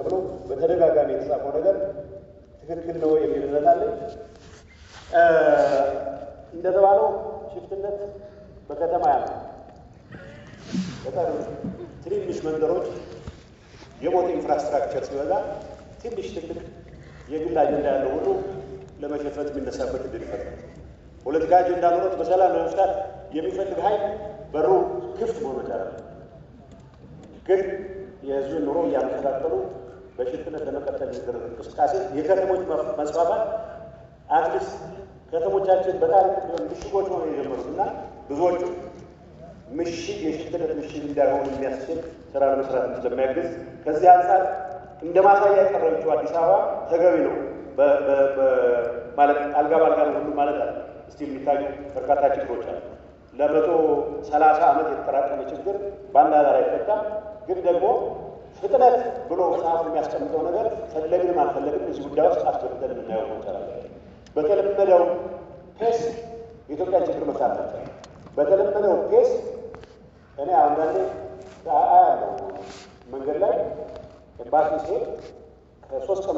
ተብሎ በተደጋጋሚ የተጻፈው ነገር ትክክል ነው የሚል እምነት እንደተባለው ሽፍትነት በከተማ ያለ በጣም ትንንሽ መንደሮች የሞት ኢንፍራስትራክቸር ሲበዛ ትንሽ ትልቅ የግል አጀንዳ ያለው ሁሉ ለመሸፈት የሚነሳበት እድል ይፈጥራል። ፖለቲካ አጀንዳ ኖሮት በሰላም ለመፍታት የሚፈልግ ኃይል በሩ ክፍት መሆኑ ይቻላል። ግን የህዝብን ኑሮ እያመሰቃቀሉ በሽፍነት ለመቀጠል የተደረገ እንቅስቃሴ የከተሞች መስፋፋት አትሊስት ከተሞቻችን በጣም ምሽጎች ሆነ የጀመሩት እና ብዙዎቹ ምሽግ የሽፍነት ምሽግ እንዳይሆኑ የሚያስችል ስራ ለመስራት ስለሚያግዝ ከዚህ አንጻር እንደ ማሳያ ያቀረበችው አዲስ አበባ ተገቢ ነው ማለት አልጋ ባልጋ ነው ሁሉ ማለት አለ። እስቲ የሚታዩ በርካታ ችግሮች አሉ። ለመቶ ሰላሳ ዓመት የተጠራቀመ ችግር በአንድ ላይ አይፈታም ግን ደግሞ ፍጥነት ብሎ መጽሐፍ የሚያስቀምጠው ነገር ፈለግንም አልፈለግንም እዚህ ጉዳይ ውስጥ አስገብተን የምናየው መቻል በተለመደው ፔስ የኢትዮጵያ ችግር መሳት በተለመደው ፔስ እኔ አንዳንዴ አያለው መንገድ ላይ ባስ ሲሄድ ከሶስት ቀን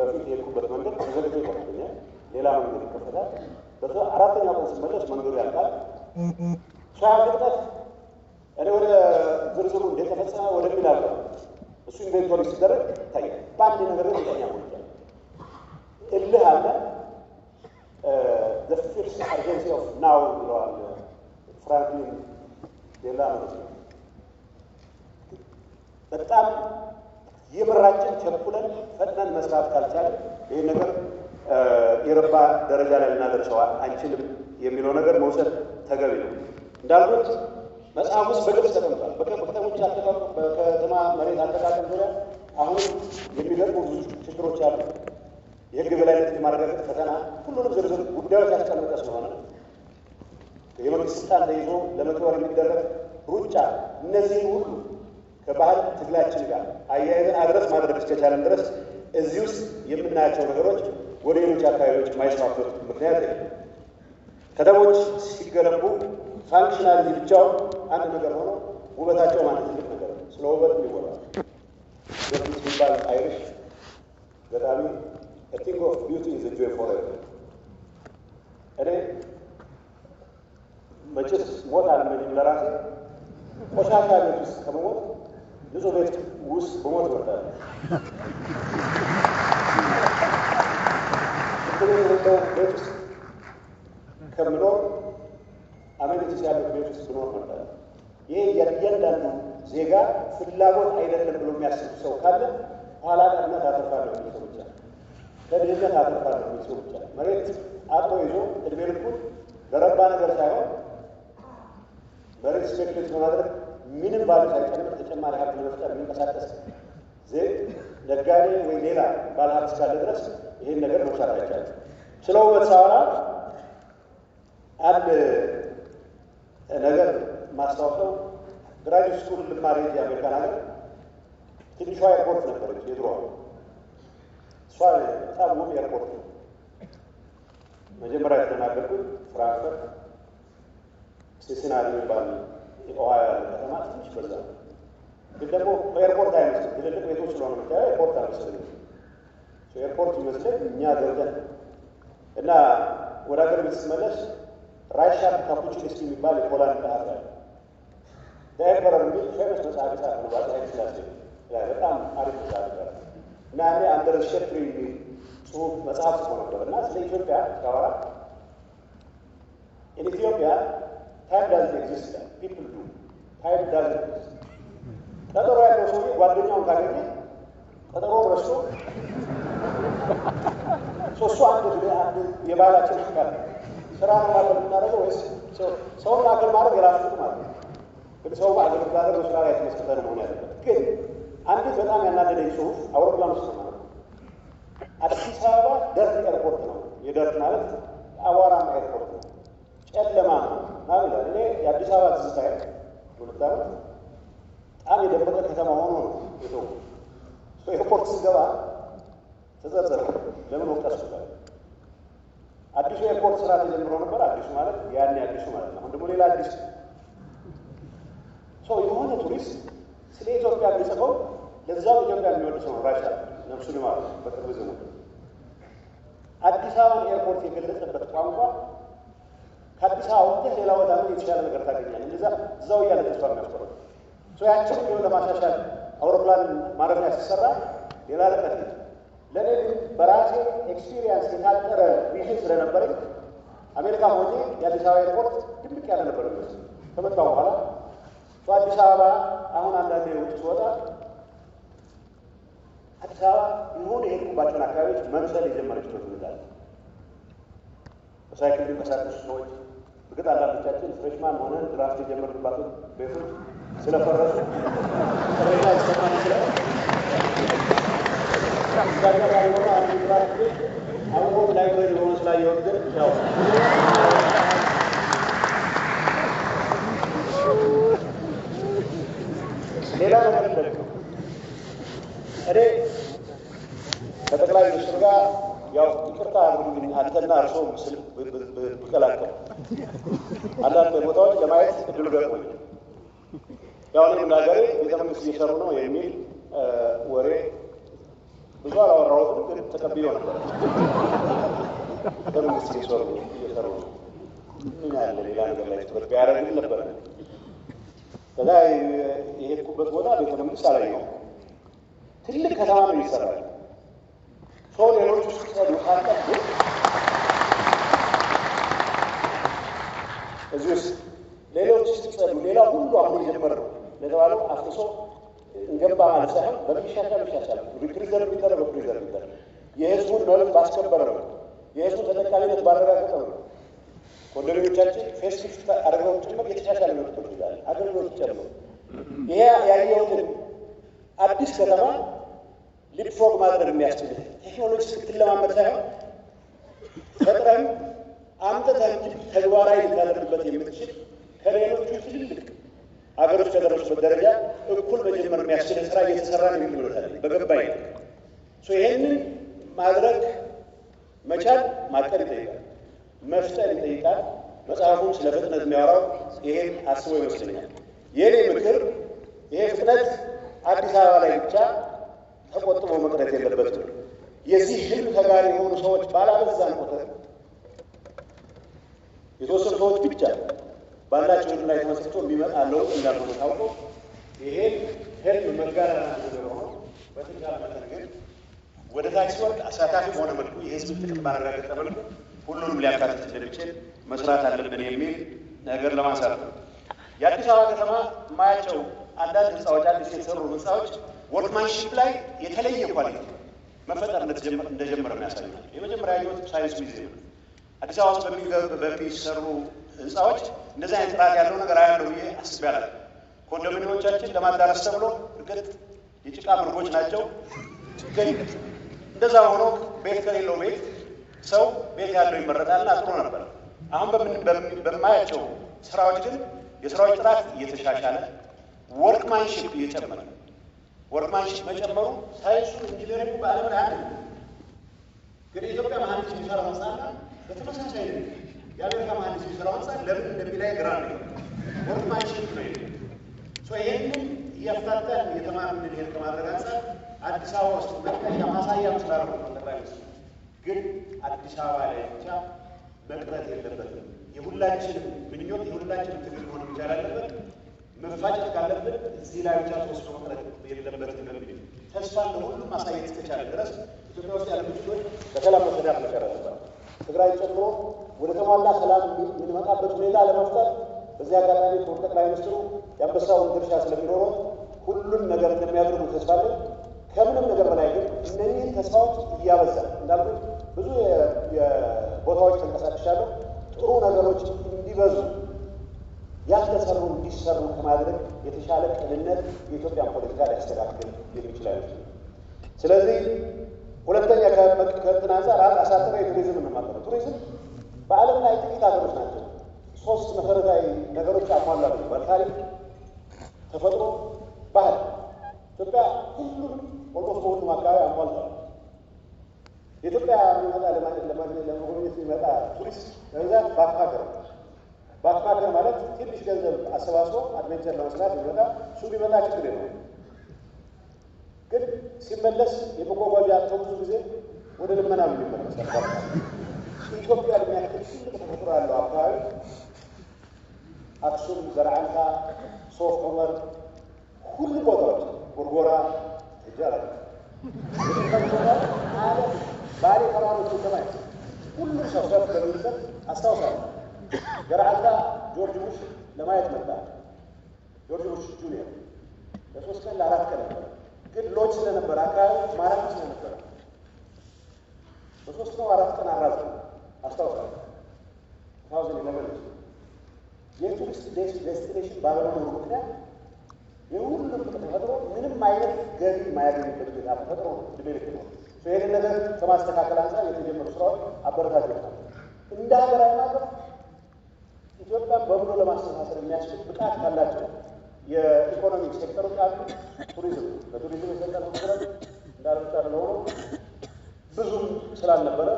በፊት የሄድኩበት መንገድ ተዘግቶ ይመስለኛል። ሌላ መንገድ ይከፈታል። አራተኛ ቀን ስመለስ መንገዱ ያልቃል። ፍጥነት እኔ ወደ ዝርዝሩ እንደተፈጸመ ቬንቶሪክ ሲደረግ ይታያል። በአንድ ነገር ግን ጠኛ ወጃል እልህ አለ ዘፊርስ አርጀንሲ ኦፍ ናው ብለዋል ፍራንክሊን ዴላኖ። በጣም የምራችን ቸኩለን ፈጥነን መስራት ካልቻለ ይህ ነገር የረባ ደረጃ ላይ ልናደርሰው አንችልም የሚለው ነገር መውሰድ ተገቢ ነው። እንዳልኩት መጽሐፍ ውስጥ በግልጽ ተቀምጧል። በከተሞች በቀጠሞች በጀት አጠቃቀም ዙሪያ አሁን የሚደርቁ ብዙ ችግሮች አሉ። የህግ በላይነት የማረጋገጥ ፈተና፣ ሁሉንም ዝርዝር ጉዳዮች ያስቀመጠ ስለሆነ የመንግስት ስልጣን ተይዞ ለመክበር የሚደረግ ሩጫ፣ እነዚህ ሁሉ ከባህል ትግላችን ጋር አያይዘን አድረስ ማድረግ እስከቻለን ድረስ እዚህ ውስጥ የምናያቸው ነገሮች ወደ ሌሎች አካባቢዎች የማይስፋበት ምክንያት የለም። ከተሞች ሲገነቡ ፋንክሽናል ብቻው አንድ ነገር ሆኖ ውበታቸው ማለት ስሎቨን ይወራል። ገርቢስ የሚባል አይሪሽ ገጣሚ ቲንክ ኦፍ ቢዩቲ ኢዝ ጆይ ፎር እኔ መጭስ ሞት አልመኝም ለራሴ ቆሻሻ ቤት ውስጥ ከመሞት ንጹህ ቤት ውስጥ በሞት እወዳለሁ። እንደው ቤት ውስጥ ከምኖር አሜኒቲስ ያለው ቤት ውስጥ ብኖር እወዳለሁ። ይሄ እያንዳንዱ ዜጋ ፍላጎት አይደለም ብሎ የሚያስቡ ሰው ካለ ኋላቀርነት አተርፋለሁ የሚል ሰው ብቻ፣ ከድህነት አተርፋለሁ የሚል ሰው ብቻ መሬት አጥሮ ይዞ እድሜ ልኩን በረባ ነገር ሳይሆን መሬት ስፔክሌት በማድረግ ምንም ባለ ሳይጨምር ተጨማሪ ሀብት ለመፍጠር የሚንቀሳቀስ ዜ ነጋዴ ወይ ሌላ ባለሀብት እስካለ ድረስ ይህን ነገር መውሳት አይቻልም። ስለ ውበት ሳወራ አንድ ነገር ማስታወሰው ግራጁዌት ስኩል ልማር ሄጄ አሜሪካን ሀገር ትንሿ ኤርፖርት ነበረች የድሮ እሷ በጣም ውብ ኤርፖርት ነው። መጀመሪያ የተናገርኩት ፍራንክፈርት ሲሲናሪ የሚባል ኦሃዮ ያለ ከተማ ትንሽ በዛ ግን ደግሞ ኤርፖርት አይመስልም። ትልልቅ ቤቶች ስለሆነ የምታየው ኤርፖርት አይመስልም። ኤርፖርት ይመስለኝ እኛ ደርገን እና ወደ ሀገር ቤት ስመለስ ራይሻፕ ካፑቺን የሚባል የፖላንድ ጸሐፊ አለ ዳይፐር የሚል ፌመስ መጽሐፍ ጻፍ ነው። በጣም አሪፍ መጽሐፍ ነበር እና ያኔ አንደር ሸፕሪ የሚል ጽሁፍ መጽሐፍ ጽፎ ነበር እና ስለ ኢትዮጵያ ካወራ ኢትዮጵያ ታይም ዳዝ ኤግዚስት ፒፕል ዱ ታይም ዳዝ ኤግዚስት። ቀጠሮ ያለው ሰው ጓደኛውን ካገኘ ቀጠሮ ረስቶ ሶስቱ አንድ የባህላችን ስራ ማለት የምናደርገው ወይስ ሰውን አገር ማድረግ የራሱ ማለት ነው ሰው በአገር ጋር በስራ ላይ ተመስርተን መሆን ያለበት። ግን አንድ በጣም ያናደደኝ ጽሁፍ አውሮፕላን ውስጥ ነው። አዲስ አበባ ደርግ ኤርፖርት ነው። የደርግ ማለት አዋራም ኤርፖርት ነው፣ ጨለማ ነው ናብላ እኔ የአዲስ አበባ ትዝታ ሁለት ዓመት በጣም የደመቀ ከተማ ሆኖ ነው የቶ ኤርፖርት ስገባ ተዘርዘረ ለምን ወቀስ አዲሱ ኤርፖርት ስራ ተጀምሮ ነበር። አዲሱ ማለት ያኔ አዲሱ ማለት ነው። አሁን ደግሞ ሌላ አዲስ ሰው የሆነ ቱሪስት ስለ ኢትዮጵያ የሚጽፈው ለዛው ኢትዮጵያ የሚወዱ ሰው ራሻ ነብሱ ማለት በቅርብ ዘመን አዲስ አበባን ኤርፖርት የገለጸበት ቋንቋ ከአዲስ አበባ ወጥተህ ሌላ ቦታ ምን የተሻለ ነገር ታገኛለህ? እንደዛ እዛው እያለ ተስፋ የሚያስቆረው ያችን ቢሆን ለማሻሻል አውሮፕላን ማረፊያ ሲሰራ ሌላ ርቀት ነው። ለእኔ ግን በራሴ ኤክስፒሪየንስ የታጠረ ቪዥን ስለነበረኝ አሜሪካ ሆኜ የአዲስ አበባ ኤርፖርት ድምቅ ያለ ነበር። ከመጣሁ በኋላ አዲስ አበባ አሁን አንዳንድ የውጭ ስወጣ አዲስ አበባ ይሁን የሄድኩባቸውን አካባቢዎች መምሰል የጀመረች ትውልድ አለ። በሳይክል የሚንቀሳቀሱ ሰዎች እርግጥ አንዳንዶቻችን ፍሬሽማን ሆነን ድራፍት የጀመርንባቸው ቤቶች ስለፈረሱ ቅሬታ ይሰማል ይችላል። ዛጋ ባይሆነ አንድ ድራፍት ቤት አሁን ላይብረሪ ሆነ ስላየወግን ያው ሌላ ነገር ደግሞ እኔ ከጠቅላይ ሚኒስትሩ ጋር ያው ይቅርታ እንግዲህ አንተና እርሶ ምስል ብቀላቀል አንዳንድ ቦታዎች ለማየት እድሉ ገጥሞኝ ያው እኔም ለሀገሬ ቤተ መንግስት እየሰሩ ነው የሚል ወሬ ብዙ አላወራሁትም፣ ግን ተቀብዬው ነበር። ቤተ መንግስት እየሰሩ ነው ምን ያለ ሌላ ነገር ላይ ትኩረት ቢያደርግም ነበር ከዛ የሄድኩበት ቦታ ቤተ መንግስት አላየው። ትልቅ ከተማ ነው ይሰራል። ሰው ሌሎች ውስጥ ጸዱ ካጠቡ እዚህ ውስጥ ሌሎች ሲጸዱ ሌላ ሁሉ አሁን የጀመረው ለተባለው አፍሶ እንገባ ማለት ሳይሆን በሚሻሻል ይሻሻል። ሪፕሪዘርቭ ይደረግ ሪፕሪዘርቭ ይደረግ የህዝቡን መብት ባስከበረ ነው። የህዝቡን ተጠቃሚነት ባረጋገጠ ነው። ኮንዶሚኒየሞቻችን ፌስ ሊፍት አደረገው ጭምር የተሻሻለ ነው። አገልግሎት ጨምሮ ይሄ ያየሁትን አዲስ ከተማ ሊፕፎግ ማድረግ የሚያስችል ቴክኖሎጂ ስትለማመድ ሳይሆን ፈጥረን አምጥተን ተግባራዊ ልታደርግበት የምትችል ከሌሎቹ ትልልቅ አገሮች ከደረሱበት ደረጃ እኩል መጀመር የሚያስችል ስራ እየተሰራ ነው የሚሉታል በገባኝ ይህንን ማድረግ መቻል ማቀድ ይጠይቃል፣ መፍጠን ይጠይቃል። መጽሐፉም ስለ ፍጥነት የሚያወራው ይሄን አስቦ ይመስለኛል። የእኔ ምክር ይሄ ፍጥነት አዲስ አበባ ላይ ብቻ ተቆጥቦ መቅረት የለበትም። የዚህ ህልም ተጋሪ የሆኑ ሰዎች ባላበዛን ቁጥር የተወሰኑ ሰዎች ብቻ ባላቸው ህልም ላይ ተመስርቶ የሚመጣ ለውጥ እንዳልሆነ ታውቆ ይሄን ህልም መጋራና ዘሆ በተቻለ መጠን ግን ወደ ታች ወርቅ አሳታፊ በሆነ መልኩ የህዝብ ጥቅም ባረጋገጠ መልኩ ሁሉንም ሊያካትት እንደሚችል መስራት አለብን የሚል ነገር ለማንሳት ነው። የአዲስ አበባ ከተማ የማያቸው አንዳንድ ህንፃዎች፣ አዲስ የተሰሩ ህንፃዎች ወርክማንሽፕ ላይ የተለየ ኳሊቲ መፈጠር እንደጀመረ የሚያሳይ የመጀመሪያ ህይወት ሳይንስ ሙዚየም ነው። አዲስ አበባ ውስጥ በሚሰሩ ህንፃዎች እንደዚህ አይነት ጥራት ያለው ነገር አያለው ብዬ አስቤያለሁ። ኮንዶሚኒየሞቻችን ለማዳረስ ተብሎ እርግጥ የጭቃ ምርጎች ናቸው። ግን እንደዛ ሆኖ ቤት ከሌለው ቤት ሰው ቤት ያለው ይመረጣልና ጥሩ ነበር። አሁን በማያቸው ስራዎች ግን የስራዎች ጥራት እየተሻሻለ ወርክማንሽፕ እየጨመረ ወርክማንሽፕ መጨመሩ ሳይንሱ ኢንጂነሪንግ በዓለም ላይ አንድ ግን የኢትዮጵያ መሀንዲስ የሚሰራው ህንፃና በተመሳሳይ የአሜሪካ መሀንዲስ የሚሰራው ህንፃ ለምን እንደሚላይ ግራ ነው። ወርክማንሽፕ ነው ይህንን እያፍታታን የተማምን ሄድ ከማድረግ አንጻር አዲስ አበባ ውስጥ መጥቀሻ ማሳያ ስላለ ነው ጠቅላይ ሚኒስትር ግን አዲስ አበባ ላይ ብቻ መቅረት የለበትም። የሁላችንም ምኞት የሁላችንም ትግል መሆን ብቻ አለበት። መፋጨት ካለብን እዚህ ላይ ብቻ ሶስት መቅረት የለበትም በሚል ተስፋ ለሁሉም ማሳየት እስከቻለ ድረስ ኢትዮጵያ ውስጥ ያሉ ግጭቶች በሰላም መሰዳት መቀረትባል ትግራይ ጨምሮ ወደ ተሟላ ሰላም የሚመጣበት ሁኔታ ለመፍጠር በዚህ አጋጣሚ ክቡር ጠቅላይ ሚኒስትሩ የአንበሳውን ድርሻ ስለሚኖረው ሁሉም ነገር እንደሚያደርጉ ተስፋለን። ከምንም ነገር በላይ ግን እነዚህ ተስፋዎች እያበዛል እንዳልኩት ብዙ ቦታዎች ተንቀሳቅሻለሁ። ጥሩ ነገሮች እንዲበዙ ያልተሰሩ እንዲሰሩ ከማድረግ የተሻለ ቅንነት የኢትዮጵያን ፖለቲካ ሊያስተካክል የሚችል ስለዚህ ሁለተኛ ከእንትን አንጻር አሳተፈ የቱሪዝም እንማቀረ ቱሪዝም በዓለም ላይ ጥቂት ሀገሮች ናቸው ሶስት መሰረታዊ ነገሮች አሟላ ነው። ታሪክ፣ ተፈጥሮ፣ ባህል ኢትዮጵያ ሁሉም ኦልሞስት በሁሉም አካባቢ አሟልታል። ኢትዮጵያ የሚመጣ ለመጎብኘት የሚመጣ ቱሪስት በብዛት ባክፓከር ነው። ባክፓከር ማለት ትንሽ ገንዘብ አሰባስቦ አድቬንቸር ለመስራት የሚመጣ እሱ ቢመጣ ችግር ነው። ግን ሲመለስ የመጓጓዣ አጥተው ጊዜ ወደ ልመና የሚመለስ ኢትዮጵያ የሚያክል ትልቅ ተፈጥሮ ያለው አካባቢ አክሱም፣ ዘርዓንታ፣ ሶፍ ዑመር ሁሉ ቦታዎች ጎርጎራ ሄጃ አላቸው። مالي قراره كمان كل شخص كنيسة استوصل قرع الله جورج بوش لما يتمتع جورج بوش جونيور ለሶስት ቀን ለአራት ቀን ነበር። ግን ሎጅ ስለነበረ አካባቢ ማረፍ ስለነበረ በሶስት ነው አራት ቀን አራዘሙ። አስታውሳለሁ ታውዘንድ ኢለቨን የቱሪስት ዴስቲኔሽን ባለመሆኑ ምክንያት የሁሉም ተፈጥሮ ምንም አይነት ገቢ የማያገኝበት ሁኔታ ተፈጥሮ እድሜ ልክ ነው። ይህንን ነገር ከማስተካከል አንጻር የተጀመሩ ስራዎች አበረታች ናቸው። እንደ ሀገር አይማበር ኢትዮጵያን በሙሉ ለማስተሳሰር የሚያስችል ብቃት ካላቸው የኢኮኖሚ ሴክተሮች አንዱ ቱሪዝም። በቱሪዝም የሰጠነው ትኩረት እንዳልቻለ ሆኖ ብዙም ስላልነበረ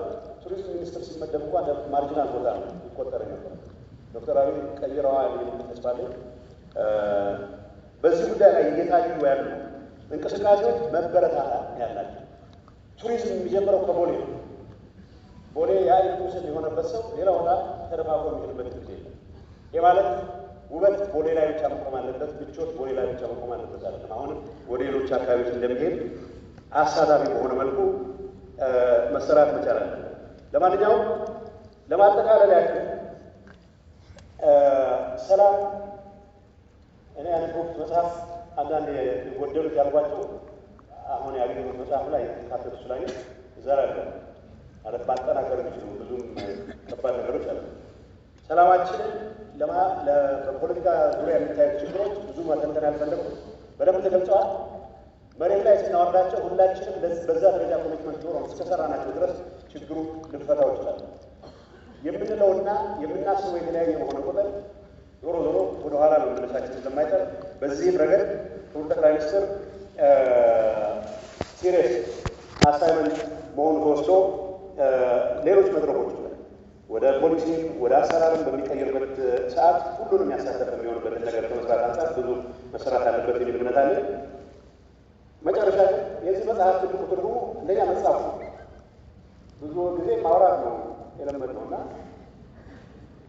ቱሪዝም ሚኒስትር ሲመደብ እንኳ ማርጂናል ቦታ ነው ይቆጠር ነበር። ዶክተር አብይ ቀይረዋል የሚል ተስፋ አለኝ። በዚህ ጉዳይ ላይ እየታዩ ያሉ እንቅስቃሴዎች መበረታታ ያላቸው ቱሪዝም የሚጀምረው ከቦሌ ነው። ቦሌ የአይል ኢንክሉሲቭ የሆነበት ሰው ሌላ ቦታ ተደፋፍሮ የሚሄድበት ጊዜ የለም። ይህ ማለት ውበት ቦሌ ላይ ብቻ መቆም አለበት፣ ምቾት ቦሌ ላይ ብቻ መቆም አለበት አይደለም። አሁንም ወደ ሌሎች አካባቢዎች እንደሚሄድ አሳታፊ በሆነ መልኩ መሰራት መቻል አለ። ለማንኛውም ለማጠቃለል ያክል ሰላም እኔ አንድ መጽሐፍ አንዳንድ የጎደሉት ያልኳቸው አሁን ያገኘሁት መጽሐፍ ላይ ካተቱ ስላለ እዘራለሁ ማለት ማጠናከር ነው። ብዙም ከባድ ነገሮች አለ። ሰላማችንን በፖለቲካ ዙሪያ የሚታዩት ችግሮች ብዙ ማተንተን ያልፈለጉ በደንብ ተገልጸዋል። መሬት ላይ ስናወርዳቸው ሁላችንም በዛ ደረጃ ኮሚትመንት ኖሮ እስከሰራናቸው ድረስ ችግሩ ልንፈታው ይችላል የምንለውና የምናስበው የተለያየ በሆነ ቁጥር ዞሮ ዞሮ ወደኋላ ነው መመለሳችን ስለማይቀር በዚህም ረገድ ክቡር ጠቅላይ ሚኒስትር ሲሪየስ አሳይመንት መሆኑ ተወስዶ ሌሎች መድረኮች ወደ ፖሊሲ ወደ አሰራርም በሚቀየርበት ሰዓት ሁሉንም ያሳተፈ የሚሆንበትን ነገር ከመስራት አንጻር ብዙ መሰራት አለበት የሚል እምነት አለ። መጨረሻ ግን የዚህ መጽሐፍ ትልቁ ትርጉሙ እንደኛ ነው። ብዙ ጊዜ ማውራት ነው የለመድ ነው እና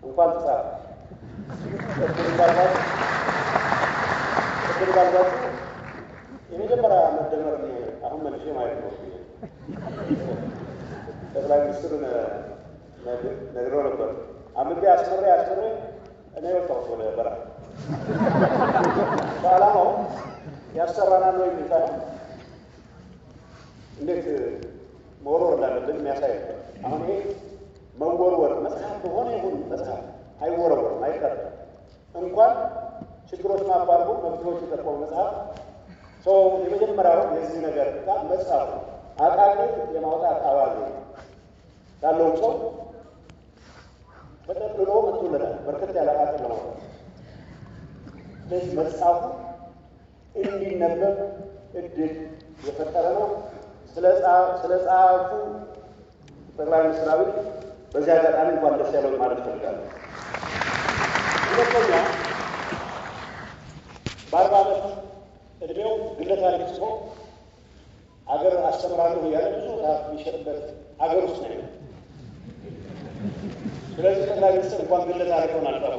እንኳን ተጻፈ ቅድም የመጀመሪያ መደመር ነው አሁን መልሼ ማለት ነው። ጠቅላይ ሚኒስትሩን ነግረው ነበር። አምቤ አስመሬ አስመሬ እኔ ወጣሁት ወደ በራ በዓላማው ያሰራናል ወይ ሚታ እንዴት መወርወር እንዳለብን የሚያሳይ ነበር። አሁን ይሄ መወርወር መጽሐፍ በሆነ ይሁን መጽሐፍ አይወረወርም፣ አይቀርም። እንኳን ችግሮች ማባርቁ መብቶች የጠቆመ መጽሐፍ የመጀመሪያው የዚህ ነገር ጋር መጽሐፉ አቃቂ የማውጣት አባል ያለውን ሰው በጠቅልሎ መጥቶልናል። በርከት ያለ አቃቂ ለማውጣት ስለዚህ መጽሐፉ እንዲነበብ እድል የፈጠረ ነው። ስለ ጸሐፉ ጠቅላይ ሚኒስትር አብይ በዚህ አጋጣሚ እንኳን ደስ ያለው ማለት እፈልጋለሁ። ሁለተኛ በአርባ ዓመት እድሜው ግለ ታሪክ ጽፎ አገር አስተምራለሁ እያለ ብዙ መጽሐፍ የሚሸጥበት አገር ውስጥ ነው። ስለዚህ ጠቅላይ ሚኒስትር እንኳን ግለ ታሪክን አልጠሩ።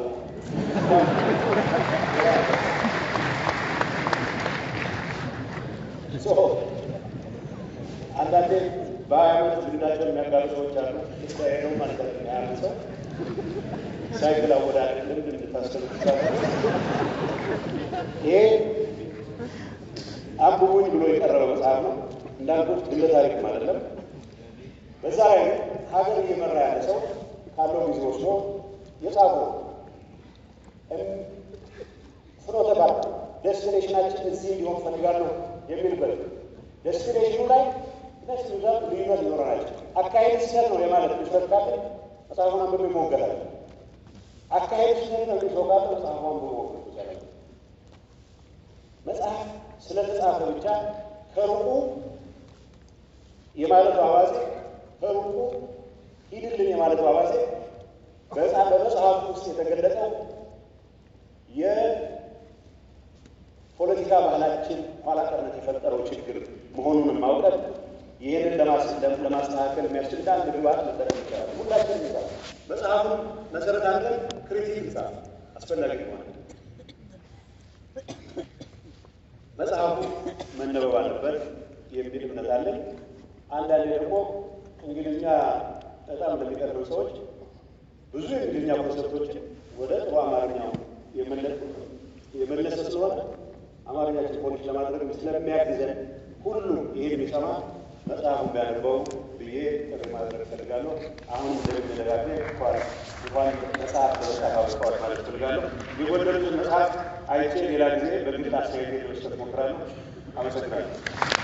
አንዳንዴ በሀያ ዓመት ልግዳቸው የሚያጋሩ ሰዎች አሉ። ነው ማለት ነው። ሀያ ዓመት ሰው ሳይክል አወዳደር ልምድ እንድታስገቡ ይሄ አቡቡኝ ብሎ የቀረበ መጽሐፍ ነው። እንዳልኩት ግለ ታሪክም አይደለም። በዛ ላይ ሀገር እየመራ ያለ ሰው ካለው ጊዜ ወስዶ የጻፈው ፍኖተ ካርታ ዴስቲኔሽናችን እዚህ ሊሆን ፈልጋለሁ የሚልበት ዴስቲኔሽኑ ላይ ነስ ብዛት ልዩነት ይኖረናል። አካሄድ ስህተት ነው የማለት ልሰት ካለ መጽሐፉን አንብቦ ይሞገዳል። አካሄድ ስህተት ነው ሰው ካለ መጽሐፉን አንብቦ መጽሐፍ ስለተጻፈ ብቻ ከሩቁ የማለቱ አባዜ ከሩቁ ሂድልን የማለቱ አባዜ በመጽሐፍ ውስጥ የተገለጠው የፖለቲካ ባህላችን ኋላቀርነት የፈጠረው ችግር መሆኑን ማውቀት ይህንን ለማስተካከል የሚያስችል አንድ ግብዓት መጠቀም ይቻላል። ሁላችን ይባል መጽሐፉን መሰረት አድርገን ክሪቲክ ይጻፍ አስፈላጊ ሆነ መጽሐፉ መነበብ አለበት የሚል እምነት አለን። አንዳንዴ ደግሞ እንግሊዝኛ በጣም ለሚቀርብ ሰዎች ብዙ የእንግሊዝኛ ኮንሰርቶችን ወደ ጥሩ አማርኛው የመለሰ ስለሆነ አማርኛችን ፖሊሽ ለማድረግ ስለሚያግዘን ሁሉ ይሄ የሚሰማ መጽሐፉ ቢያነበው ብዬ ጥሪ ማድረግ ፈልጋለሁ። አሁን እንደሚደጋገ እንኳን እንኳን መጽሐፍ ለመጽሐፍ አብቀዋል ማለት ፈልጋለሁ። የጎደሉትን መጽሐፍ አይቼ ሌላ ጊዜ በግል አስተያየት መስጠት ሞክራለሁ። አመሰግናለሁ።